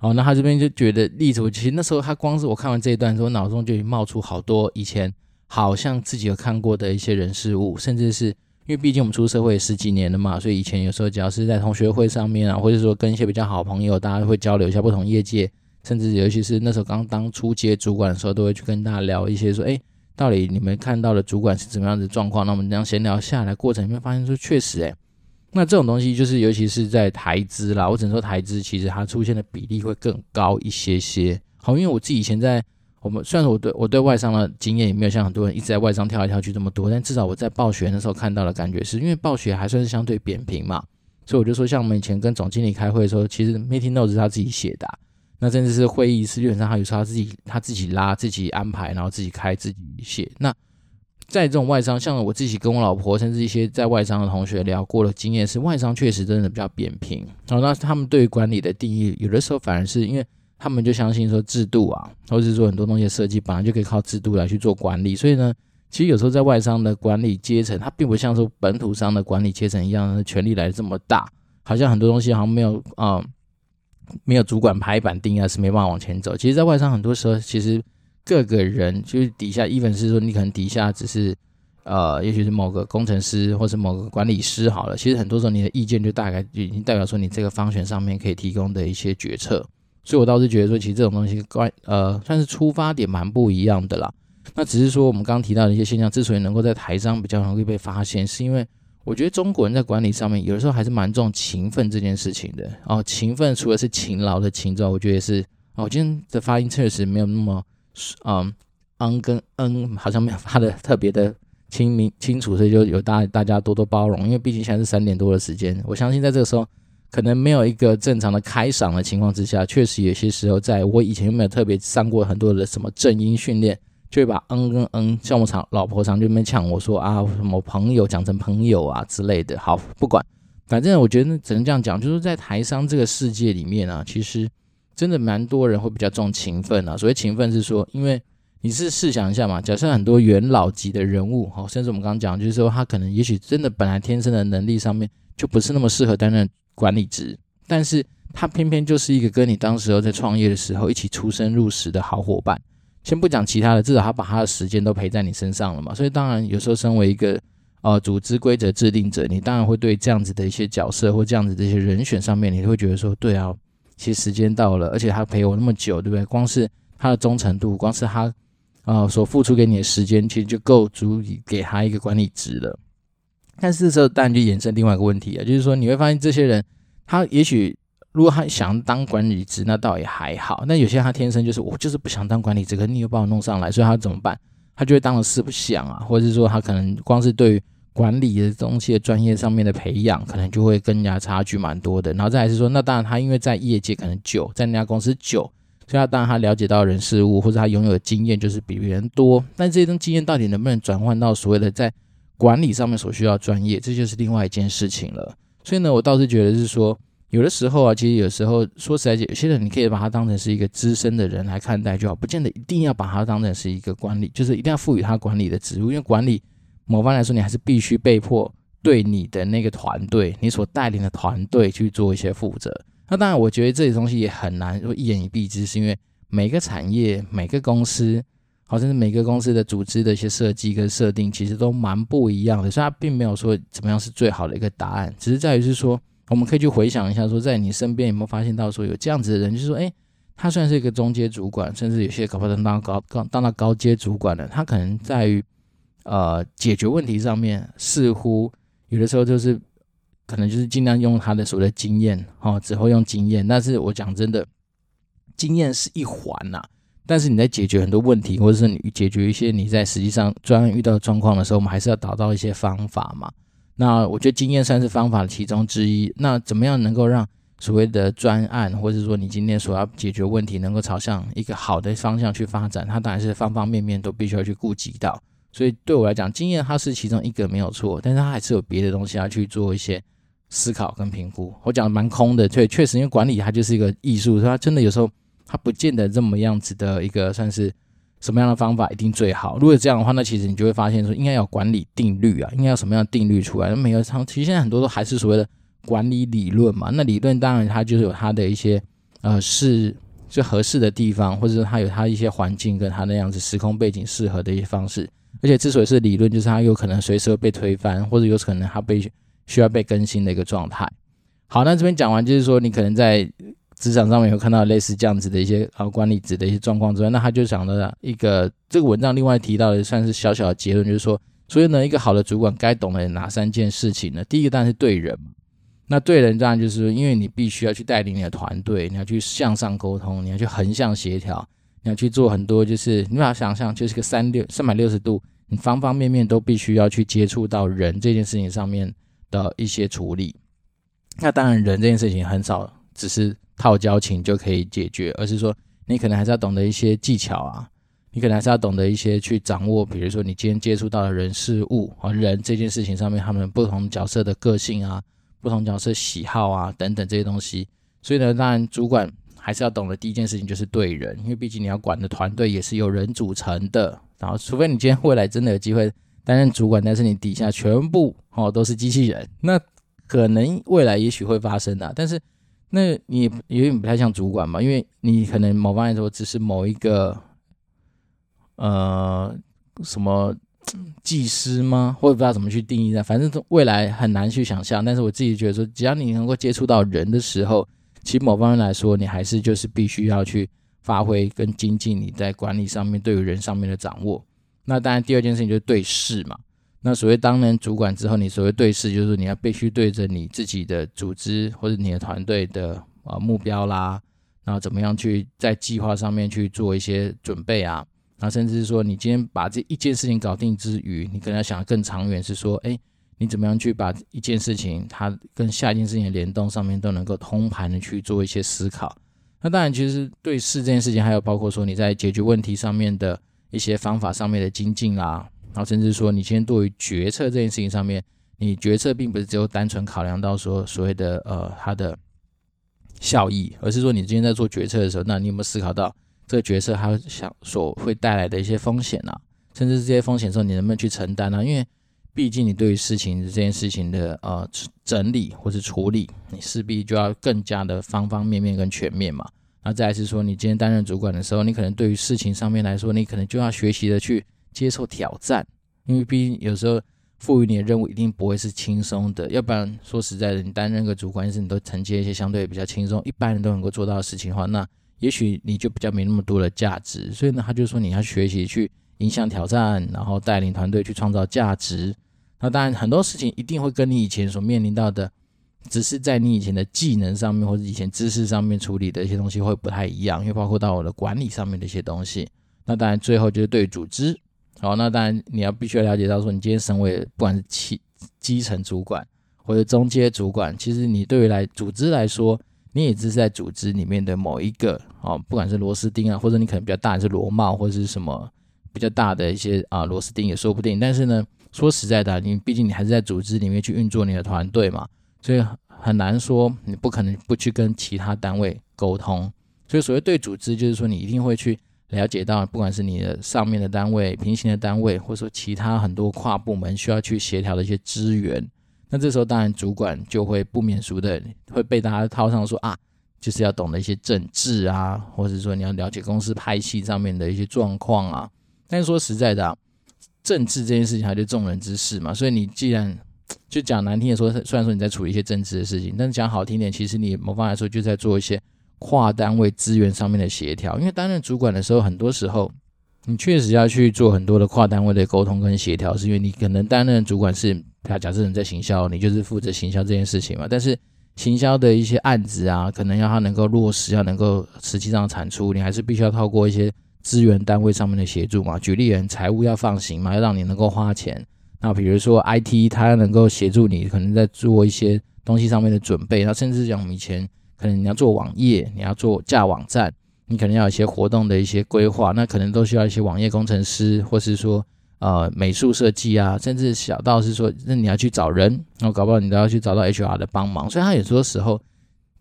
哦，那他這邊就覺得，例如，其實那時候他光是我看完這一段之後，腦中就已經冒出好多以前好像自己有看過的一些人事物，甚至是因為畢竟我們出社會十幾年了嘛，所以以前有時候只要是在同學會上面啊，或者說跟一些比較好的朋友，大家會交流一下不同業界，甚至尤其是那時候剛當初接主管的時候，都會去跟大家聊一些說，哎、欸，到底你們看到的主管是怎麼樣的狀況？那我們這樣閒聊下來，過程裡面發現說、欸，確實，哎。那這種東西就是，尤其是在台資啦，我只能說台資其實它出現的比例會更高一些些。好，因為我自己以前在我們，雖然說我對我對外商的經驗也沒有像很多人一直在外商跳來跳去這麼多，但至少我在暴雪那時候看到的感覺是，是因為暴雪還算是相對扁平嘛，所以我就說像我們以前跟總經理開會的時候，其實 meeting notes 是他自己寫的啊，那甚至是會議室基本上他有時候他自己他自己拉自己安排，然後自己開自己寫那。在這種外商，像我自己跟我老婆，甚至一些在外商的同學聊過的經驗是，外商確實真的比較扁平。好，那他們對於管理的定義，有的時候反而是因為他們就相信說制度啊，或者是說很多東西的設計，本來就可以靠制度來去做管理。所以呢，其實有時候在外商的管理階層，它並不像說本土商的管理階層一樣，權力來得這麼大，好像很多東西好像沒有啊、呃，沒有主管拍板定案，還是沒辦法往前走。其實，在外商很多時候，其實。各個人就是底下 even 是說，你可能底下只是呃，也許是某個工程師或是某個管理師好了。其實很多時候你的意見就大概就已經代表說你這個 function 上面可以提供的一些決策。所以我倒是覺得說，其實這種東西關呃算是出發點蠻不一樣的啦。那只是說我們剛剛提到的一些現象，之所以能夠在台商比較容易被發現，是因為我覺得中國人在管理上面有的時候還是蠻重勤奮這件事情的哦。勤奮除了是勤勞的勤之外，我覺得是哦，我今天的發音確實沒有那麼。嗯、um,，嗯跟嗯好像沒有發的特別的清明清楚，所以就有大家大家多多包容，因為畢竟現在是三點多的時間，我相信在這個時候可能沒有一個正常的開嗓的情況之下，確實有些時候在我以前沒有特別上過很多的什麼正音訓練，就會把嗯跟嗯像我常老婆常就在那邊嗆我說啊什麼朋友講成朋友啊之類的，好不管，反正我覺得只能這樣講，就是在台商這個世界裡面啊，其實。真的蠻多人會比較重情分啊。所謂情分是說，因為你是試想一下嘛，假設很多元老級的人物，哈、哦，甚至我們剛剛講，就是說他可能也許真的本來天生的能力上面就不是那麼適合擔任管理職，但是他偏偏就是一個跟你當時在創業的時候一起出生入死的好夥伴。先不講其他的，至少他把他的時間都陪在你身上了嘛。所以當然有時候身為一個呃組織規則制定者，你當然會對這樣子的一些角色或這樣子的一些人選上面，你會覺得說，對啊。其實時間到了，而且他陪我那麼久，對不對？光是他的忠誠度，光是他啊、呃、所付出給你的時間，其實就夠足以給他一個管理職了。但是這時候，但就衍生另外一個問題啊，就是說你會發現，這些人他也許如果他想當管理職，那倒也還好。那有些他天生就是我就是不想當管理職，可是你又把我弄上來，所以他怎麼辦？他就會當了四不像啊，或者是說他可能光是對於。管理的東西的專業上面的培養，可能就會跟人家差距蠻多的。然後再來是說，那當然他因為在業界可能久，在那家公司久，所以他當然他了解到人事物，或者他擁有的經驗就是比別人多。但這種經驗到底能不能轉換到所謂的在管理上面所需要專業，這就是另外一件事情了。所以呢，我倒是覺得是說，有的時候啊，其實有時候說實在，有些人你可以把他當成是一個資深的人來看待就好，不見得一定要把他當成是一個管理，就是一定要賦予他管理的職務，因為管理。某方來說，你還是必須被迫對你的那個團隊，你所帶領的團隊去做一些負責。那當然，我覺得這些東西也很難說一言以蔽之，是因為每個產業、每個公司，或者是每個公司的組織的一些設計跟設定，其實都蠻不一樣的，所以它並沒有說怎麼樣是最好的一個答案。只是在於是說，我們可以去回想一下，說在你身邊有沒有發現到說有這樣子的人，就是說，誒、哎，他雖然是一個中階主管，甚至有些搞不好當高當到高階主管的，他可能在於。呃，解決問題上面似乎有的時候就是可能就是盡量用他的所謂的經驗，哈、哦，只會用經驗。但是我講真的，經驗是一環吶、啊。但是你在解決很多問題，或者是你解決一些你在實際上專案遇到狀況的時候，我們還是要找到一些方法嘛。那我覺得經驗算是方法的其中之一。那怎麼樣能夠讓所謂的專案，或者說你今天所要解決問題，能夠朝向一個好的方向去發展？它當然是方方面面都必須要去顧及到。所以對我來講，經驗它是其中一個沒有錯，但是它還是有別的東西要去做一些思考跟評估。我講的蠻空的，確確實因為管理它就是一個藝術，所以它真的有時候它不見得這麼樣子的一個算是什麼樣的方法一定最好。如果這樣的話，那其實你就會發現說，應該要管理定律啊，應該要什麼樣的定律出來？那每個廠其實現在很多都還是所謂的管理理論嘛。那理論當然它就是有它的一些呃是最合適的地方，或者說它有它一些環境跟它那樣子時空背景適合的一些方式。而且之所以是理論，就是它有可能隨時會被推翻，或者有可能它被需要被更新的一個狀態。好，那這邊講完，就是說你可能在職場上面會看到類似這樣子的一些啊管理職的一些狀況之外，那他就講了一個這個文章另外提到的算是小小的結論，就是說，所以呢，一個好的主管該懂得哪三件事情呢？第一個當然是對人，那對人當然就是說因為你必須要去帶領你的團隊，你要去向上溝通，你要去橫向協調。你要去做很多，就是你把它想象，就是個三六三百六十度，你方方面面都必須要去接觸到人這件事情上面的一些處理。那當然，人這件事情很少只是套交情就可以解決，而是說你可能還是要懂得一些技巧啊，你可能還是要懂得一些去掌握，比如說你今天接觸到的人事物和人這件事情上面，他們不同角色的個性啊、不同角色喜好啊等等這些東西。所以呢，當然主管。還是要懂得第一件事情就是對人，因為畢竟你要管的團隊也是由人組成的。然後，除非你今天未來真的有機會擔任主管，但是你底下全部哦都是機器人，那可能未來也許會發生的啊。但是，那你也有點不太像主管嘛，因為你可能某方面說只是某一個呃什麼技師嗎？或者不知道怎麼去定義的，反正未來很難去想象。但是我自己覺得說，只要你能夠接觸到人的時候。其實某方面來說，你還是就是必須要去發揮跟精進你在管理上面對於人上面的掌握。那當然，第二件事情就是對事嘛。那所謂當人主管之後，你所謂對事，就是你要必須對着你自己的組織或者你的團隊的啊目標啦，然後怎麼樣去在計劃上面去做一些準備啊。那甚至是說，你今天把這一件事情搞定之餘，你可能要想的更長遠是說，哎、欸，你怎麼樣去把一件事情，它跟下一件事情的聯動上面都能夠通盤的去做一些思考？那當然，其實對事這件事情，還有包括說你在解決問題上面的一些方法上面的精進啊，然後甚至說你今天對於決策這件事情上面，你決策並不是只有單純考量到說所謂的呃它的效益，而是說你今天在做決策的時候，那你有沒有思考到這個決策它想所會帶來的一些風險啊？甚至這些風險的時候，你能不能去承擔呢？因為畢竟你對於事情這件事情的呃整理或是處理，你勢必就要更加的方方面面跟全面嘛。那再來是說，你今天擔任主管的時候，你可能對於事情上面來說，你可能就要學習的去接受挑戰，因為畢竟有時候賦予你的任務一定不會是輕鬆的。要不然說實在的，你擔任個主管，是你都承接一些相對比較輕鬆，一般人都能夠做到的事情的話，那也許你就比較沒那麼多的價值。所以呢，他就說你要學習去。迎向挑戰，然後帶領團隊去創造價值。那當然很多事情一定會跟你以前所面臨到的，只是在你以前的技能上面或者以前知識上面處理的一些東西會不太一樣，因為包括到我的管理上面的一些東西。那當然最後就是對於組織，好，那當然你要必須要了解到說，你今天身為不管是基基層主管或者中階主管，其實你對於來組織來說，你也只是在組織裡面的某一個哦，不管是螺絲釘啊，或者你可能比較大的是螺帽或者是什麼。比較大的一些啊螺絲釘也說不定，但是呢，說實在的，你畢竟你還是在組織裡面去運作你的團隊嘛，所以很難說你不可能不去跟其他單位溝通。所以所謂對組織，就是說你一定會去了解到，不管是你的上面的單位、平行的單位，或者說其他很多跨部門需要去協調的一些資源。那這時候當然主管就會不免俗的會被大家套上說啊，就是要懂的一些政治啊，或者說你要了解公司派系上面的一些狀況啊。但是說實在的啊，政治這件事情還是眾人之事嘛，所以你既然就講難聽的說，雖然說你在處理一些政治的事情，但是講好聽點，其實你某方來說就在做一些跨單位資源上面的協調。因為擔任主管的時候，很多時候你確實要去做很多的跨單位的溝通跟協調，是因為你可能擔任主管是，假設你在行銷，你就是負責行銷這件事情嘛，但是行銷的一些案子啊，可能要他能夠落實，要能夠實際上產出，你還是必須要透過一些。資源單位上面的協助嘛，舉例而言，財務要放行嘛，要讓你能夠花錢。那比如說 IT，它能夠協助你，可能在做一些東西上面的準備。那甚至是講，以前可能你要做網頁，你要做架網站，你可能要有一些活動的一些規劃，那可能都需要一些網頁工程師，或是說呃美術設計啊，甚至小到是說，那你要去找人，然後搞不好你都要去找到 HR 的幫忙。所以它有時候。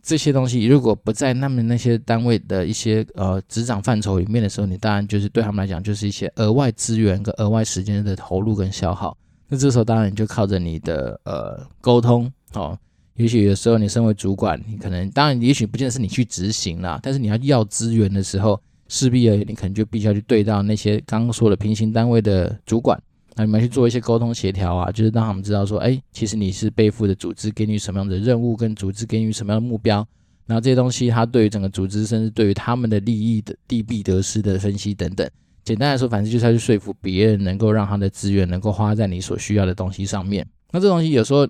這些東西如果不在那麼那些單位的一些呃職掌範疇裡面的時候，你當然就是對他們來講就是一些額外資源跟額外時間的投入跟消耗。那這時候當然你就靠着你的呃溝通哦，也許有時候你身為主管，你可能當然也許不見得是你去執行啦，但是你要要資源的時候，勢必要你可能就必須要去對到那些剛剛說的平行單位的主管。那你們去做一些溝通協調啊，就是讓他們知道說，哎、欸，其實你是背負的組織給予什麼樣的任務，跟組織給予什麼樣的目標，那這些東西，它對於整個組織，甚至對於他們的利益的利弊得失的分析等等。簡單來說，反正就是去說服別人，能夠讓他的資源能夠花在你所需要的東西上面。那這東西有時候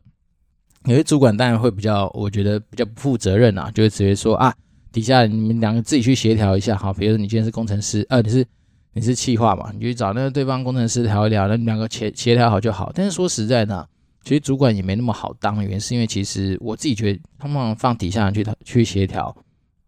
有些主管當然會比較，我覺得比較不負責任啊，就會直接說啊，底下你們兩個自己去協調一下好，比如說你今天是工程師，啊，你是。你是企劃嘛？你就去找那個對方工程師聊一聊，那你兩個協協調好就好。但是說實在的，其實主管也沒那麼好當原，原因是因為其實我自己覺得，通常放底下人去去協調，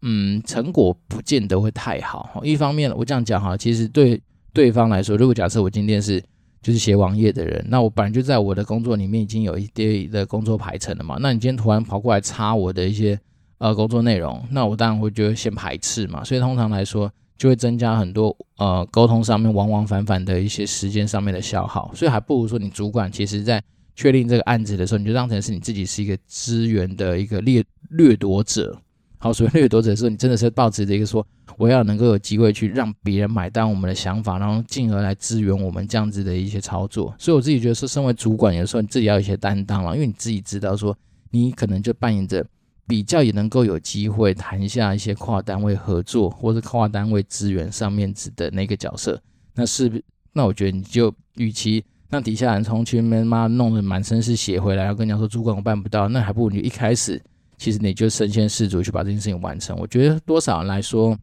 嗯，成果不見得會太好。一方面，我這樣講哈，其實對對方來說，如果假設我今天是就是寫網頁的人，那我本來就在我的工作裡面已經有一堆的工作排程了嘛，那你今天突然跑過來插我的一些呃工作內容，那我當然會覺得先排斥嘛。所以通常來說。就會增加很多呃溝通上面往往返返的一些時間上面的消耗，所以還不如說你主管其實在確定這個案子的時候，你就當成是你自己是一個資源的一個掠掠奪者。好，所以掠奪者的時候，你真的是抱持着一個說我要能夠有機會去讓別人買單我們的想法，然後進而來支援我們這樣子的一些操作。所以我自己覺得說，身為主管有時候你自己要有一些擔當了，因為你自己知道說你可能就扮演着。比較也能夠有機會談一下一些跨單位合作，或者跨單位資源上面指的那個角色，那是，那我覺得你就，與其讓底下人從前面媽弄得滿身是血回來，然後跟人家說主管我辦不到，那還不如你一開始其實你就身先士卒去把這件事情完成。我覺得多少人來說，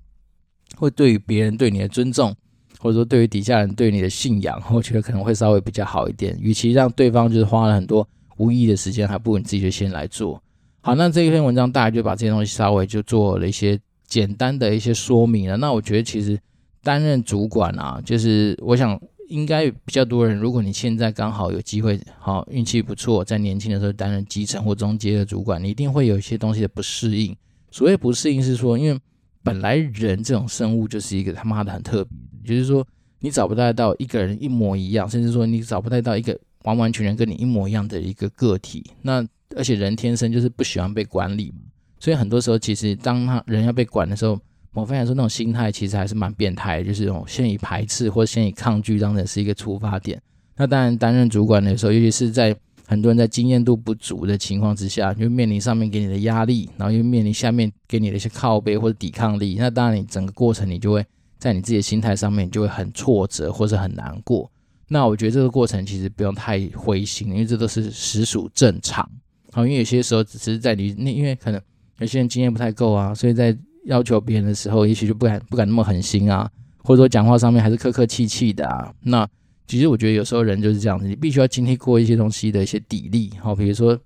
會對於別人對你的尊重，或者說對於底下人對你的信仰，我覺得可能會稍微比較好一點。與其讓對方就是花了很多無意義的時間，還不如你自己就先來做。好，那這一篇文章大概就把這些東西稍微就做了一些簡單的一些說明了。那我覺得其實擔任主管啊，就是我想應該比較多人，如果你現在剛好有機會，好運氣不錯，在年輕的時候擔任基層或中階的主管，你一定會有一些東西的不適應。所謂不適應是說，因為本來人這種生物就是一個他媽的很特別，就是說你找不太到一個人一模一樣，甚至說你找不太到一個完完全全跟你一模一樣的一個個體，那。而且人天生就是不喜歡被管理嘛，所以很多時候其實當他人要被管的時候，我發現說，那種心態其實還是蠻變態的，就是先以排斥或先以抗拒當成是一個出發點。那當然擔任主管的時候，尤其是在很多人在經驗度不足的情況之下，就面臨上面給你的壓力，然後又面臨下面給你的一些靠背或者抵抗力。那當然你整個過程，你就會在你自己的心態上面就會很挫折或者很難過。那我覺得這個過程其實不用太灰心，因為這都是實屬正常。好，因為有些時候只是在你那，因為可能有些人經驗不太夠啊，所以在要求別人的時候，也許就不敢不敢那麼狠心啊，或者說講話上面還是客客氣氣的啊。那其實我覺得有時候人就是這樣子，你必須要經歷過一些東西的一些砥礪。好、哦，比如說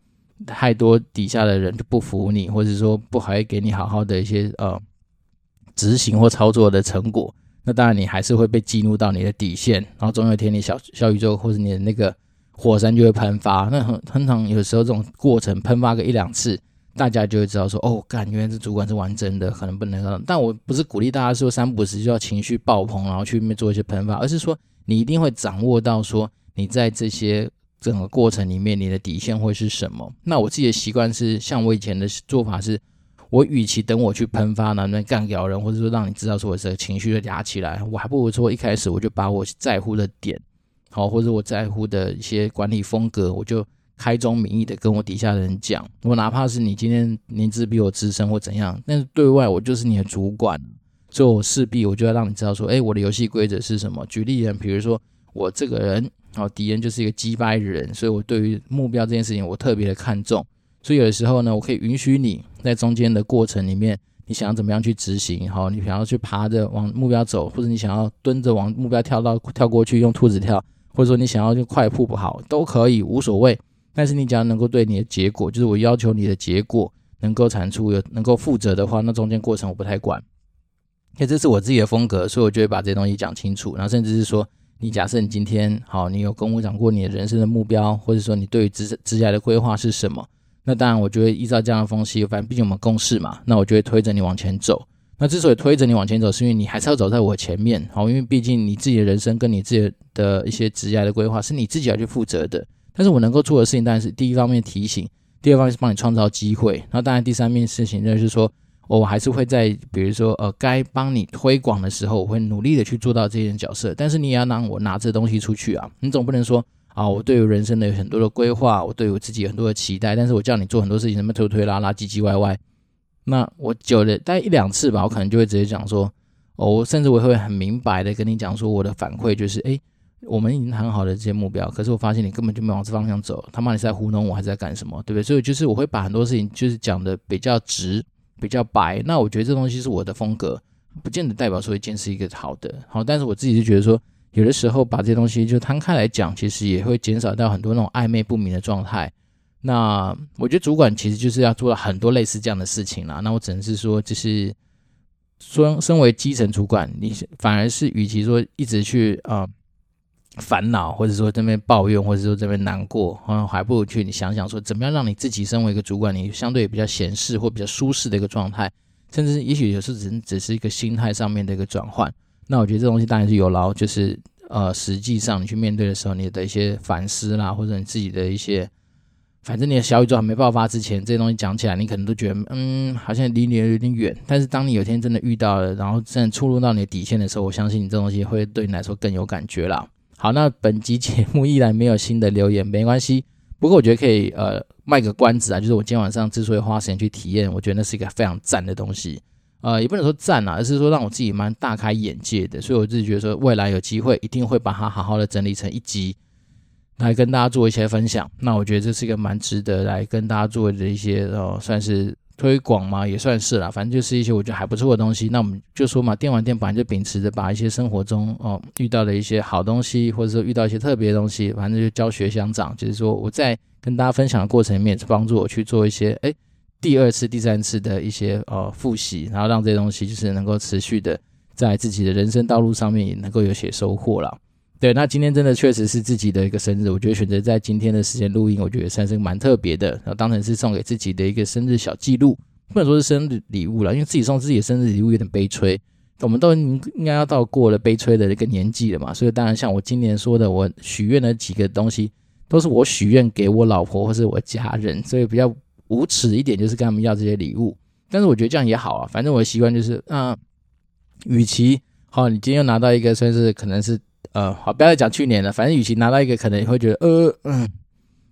太多底下的人就不服你，或者說不好意給你好好的一些呃執行或操作的成果，那當然你還是會被激怒到你的底線，然後總有一天你小小宇宙或者你的那個。火山就會噴發，那很通常有時候這種過程噴發個一兩次，大家就會知道說，哦，幹，原來這主管是玩真的，可能不能讓。但我不是鼓勵大家說三不時就要情緒爆棚，然後去做一些噴發，而是說你一定會掌握到說你在這些整個過程裡面你的底線會是什麼。那我自己的習慣是，像我以前的做法是，我與其等我去噴發，然後幹掉人，或者說讓你知道說我這個情緒就壓起來，我還不如說一開始我就把我在乎的點。好，或者我在乎的一些管理風格，我就開宗明義的跟我底下的人講，我哪怕是你今天年資比我資深或怎樣，但是對外我就是你的主管，就勢必我就要讓你知道說，哎，我的遊戲規則是什麼。舉例人，比如說我這個人，好，敵人就是一個機掰的人，所以我對於目標這件事情我特別的看重，所以有的時候呢，我可以允許你在中間的過程裡面，你想要怎麼樣去執行，好，你想要去爬着往目標走，或者你想要蹲着往目標跳到跳過去，用兔子跳。或者說你想要就快鋪不好都可以無所謂，但是你只要能夠對你的結果，就是我要求你的結果能夠產出有能夠負責的話，那中間過程我不太管，因為這是我自己的風格，所以我就會把這些東西講清楚。然後甚至是說，你假設你今天好，你有跟我講過你的人生的目標，或者說你對於職職涯的規劃是什麼？那當然，我就會依照這樣的分析，反正畢竟我們共事嘛，那我就會推着你往前走。那之所以推着你往前走，是因為你還是要走在我前面，好，因為畢竟你自己的人生跟你自己的一些職業的規劃是你自己要去負責的。但是我能夠做的事情，當然是第一方面提醒，第二方面是幫你創造機會。那當然第三面事情就是說，我還是會在比如說呃該幫你推廣的時候，我會努力的去做到這件角色。但是你也要讓我拿這東西出去啊，你總不能說啊，我對於人生的有很多的規劃，我對我自己有很多的期待，但是我叫你做很多事情，什麼推推拉拉，唧唧歪歪。那我久了大概一兩次吧，我可能就會直接講說，哦，我甚至我也會很明白的跟你講說，我的反饋就是，哎，我們已經談好了這些目標，可是我發現你根本就沒往這方向走，他媽你是在糊弄我還是在幹什麼，對不對？所以就是我會把很多事情就是講得比較直，比較白。那我覺得這東西是我的風格，不見得代表說一件事一個好的，好，但是我自己就覺得說，有的時候把這些東西就攤開來講，其實也會減少到很多那種曖昧不明的狀態。那我覺得主管其實就是要做了很多類似這樣的事情啦。那我只能是說，就是說，身為基層主管，你反而是與其說一直去啊、呃、煩惱，或者說這邊抱怨，或者說這邊難過，好像、嗯、還不如去你想想說，怎麼樣讓你自己身為一個主管，你相對比較閒適或比較舒適的一個狀態，甚至也許有時候只是只是一個心態上面的一個轉換。那我覺得這東西當然是有勞，就是呃，實際上你去面對的時候，你的一些反思啦，或者你自己的一些。反正你的小宇宙還沒爆發之前，這些東西講起來，你可能都覺得，嗯，好像離你的有點遠。但是當你有一天真的遇到了，然後真的觸碰到你的底線的時候，我相信你這東西會對你來說更有感覺啦。好，那本集節目依然沒有新的留言，沒關係。不過我覺得可以，呃，賣個關子啊。就是我今天晚上之所以花時間去體驗，我覺得那是一個非常讚的東西。呃，也不能說讚啊，而是說讓我自己蠻大開眼界的。所以我自己覺得說，未來有機會一定會把它好好的整理成一集。來跟大家做一些分享，那我覺得這是一個蠻值得來跟大家做的一些，哦，算是推廣嘛，也算是啦，啊，反正就是一些我覺得還不錯的東西。那我們就說嘛，電玩店本來就秉持着把一些生活中哦遇到的一些好東西，或者說遇到一些特別的東西，反正就教學相長，就是說我在跟大家分享的過程裡面，幫助我去做一些，哎，第二次、第三次的一些呃、哦、複習，然後讓這些東西就是能夠持續的在自己的人生道路上面也能夠有些收穫啦。對，那今天真的確實是自己的一個生日，我覺得選擇在今天的時間錄音，我覺得算是蠻特別的，然後當成是送給自己的一個生日小記錄，不能說是生日禮物啦，因為自己送自己的生日禮物有點悲催。我們都應該要到過了悲催的一個年紀了嘛，所以當然像我今年說的，我許願的幾個東西都是我許願給我老婆或是我家人，所以比較無恥一點，就是跟他們要這些禮物。但是我覺得這樣也好啊，反正我的習慣就是，啊，與其，好，你今天又拿到一個生日，可能是。呃、嗯，好，不要再講去年了。反正與其拿到一個可能會覺得呃嗯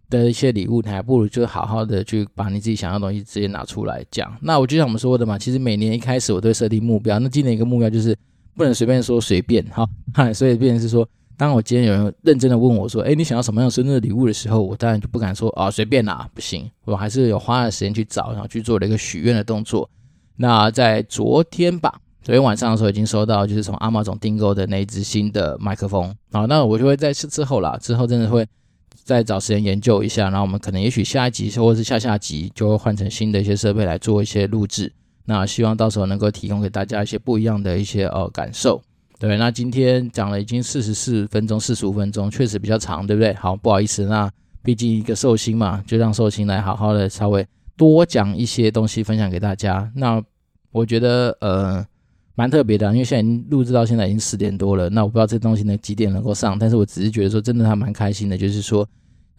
的一些禮物，你還不如就好好的去把你自己想要的東西直接拿出來講。那我就像我們說的嘛，其實每年一開始我都會設定目標。那今年一個目標就是不能隨便說隨便哈，所以變成是說，當我今天有人認真的問我說，哎、欸，你想要什麼樣的生日禮物的時候，我當然就不敢說啊隨便啦，不行，我還是有花的時間去找，然後去做了一個許願的動作。那在昨天吧。昨天晚上的時候已經收到，就是從 Amazon 訂購的那一支新的麥克風。好，那我就會在之後啦，之後真的會再找時間研究一下。然後我們可能也許下一集或者是下下集就會換成新的一些設備來做一些錄製。那希望到時候能夠提供給大家一些不一樣的一些呃、哦、感受。對，那今天講了已經四十四分鐘、四十五分鐘，確實比較長，對不對？好，不好意思，那畢竟一個壽星嘛，就讓壽星來好好的稍微多講一些東西分享給大家。那我覺得呃。蠻特別的啊，因為現在錄製到現在已經十點多了，那我不知道這東西能幾點能夠上，但是我只是覺得說，真的還蠻開心的，就是說，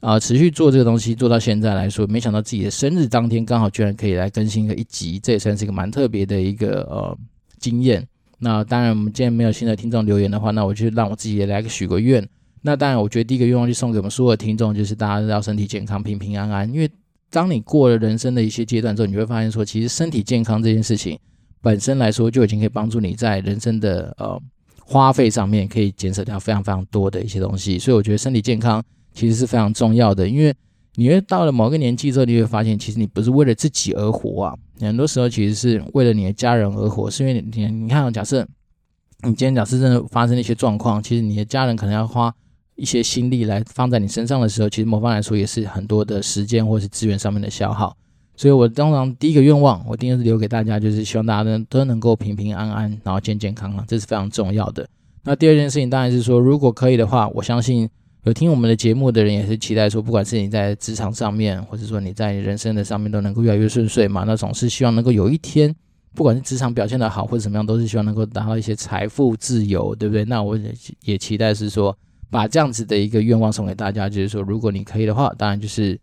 啊、呃，持續做這個東西做到現在來說，沒想到自己的生日當天剛好居然可以來更新一個一集，這也算是一個蠻特別的一個呃經驗。那當然，我們今天沒有新的聽眾留言的話，那我就讓我自己也來個許個願。那當然，我覺得第一個願望就送給我們所有的聽眾，就是大家要身體健康，平平安安。因為當你過了人生的一些階段之後，你會發現說，其實身體健康這件事情。本身來說就已經可以幫助你在人生的呃花費上面可以減少掉非常非常多的一些東西，所以我覺得身體健康其實是非常重要的，因為你會到了某個年紀之後，你會發現其實你不是為了自己而活啊，很多時候其實是為了你的家人而活，是因為你你看假設你今天假設真的發生了一些狀況，其實你的家人可能要花一些心力來放在你身上的時候，其實某方來說也是很多的時間或是資源上面的消耗。所以，我當然第一個願望，我今天是留給大家，就是希望大家都都能夠平平安安，然後健健康康，這是非常重要的。那第二件事情，當然是說，如果可以的話，我相信有聽我們的節目的人也是期待說，不管是你在職場上面，或者說你在人生的上面，都能夠越來越順遂嘛。那總是希望能夠有一天，不管是職場表現的好或者怎麼樣，都是希望能夠達到一些財富自由，對不對？那我也也期待是說，把這樣子的一個願望送給大家，就是說，如果你可以的話，當然就是。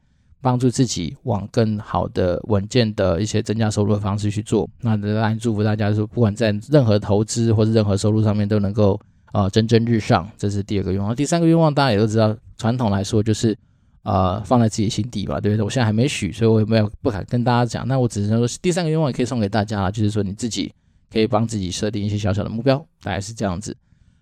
幫助自己往更好的、穩健的一些增加收入的方式去做。那當然，祝福大家就是說，不管在任何投資或是任何收入上面，都能夠啊蒸蒸日上。這是第二個願望。第三個願望，大家也都知道，傳統來說就是啊、呃、放在自己心底吧，對不對？我現在還沒許，所以我也沒有不敢跟大家講。那我只能說，第三個願望也可以送給大家，就是說你自己可以幫自己設定一些小小的目標，大概是這樣子。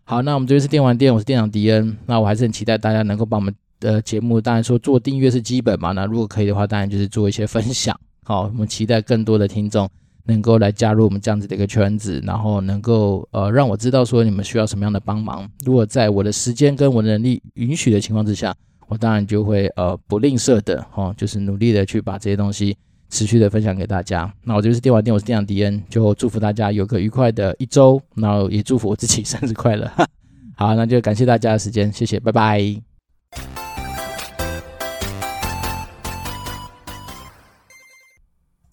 好，那我們這邊是電玩店，我是店長迪恩。那我還是很期待大家能夠幫我們。的節目，當然說做訂閱是基本嘛。那如果可以的話，當然就是做一些分享。好，我們期待更多的聽眾能夠來加入我們這樣子的一個圈子，然後能夠呃讓我知道說你們需要什麼樣的幫忙。如果在我的時間跟我的能力允許的情況之下，我當然就會呃不吝嗇的哈、哦，就是努力的去把這些東西持續的分享給大家。那我就是電話店，我是店長迪恩，就祝福大家有個愉快的一周，然後也祝福我自己生日快樂。 好，那就感謝大家的時間，謝謝，拜拜。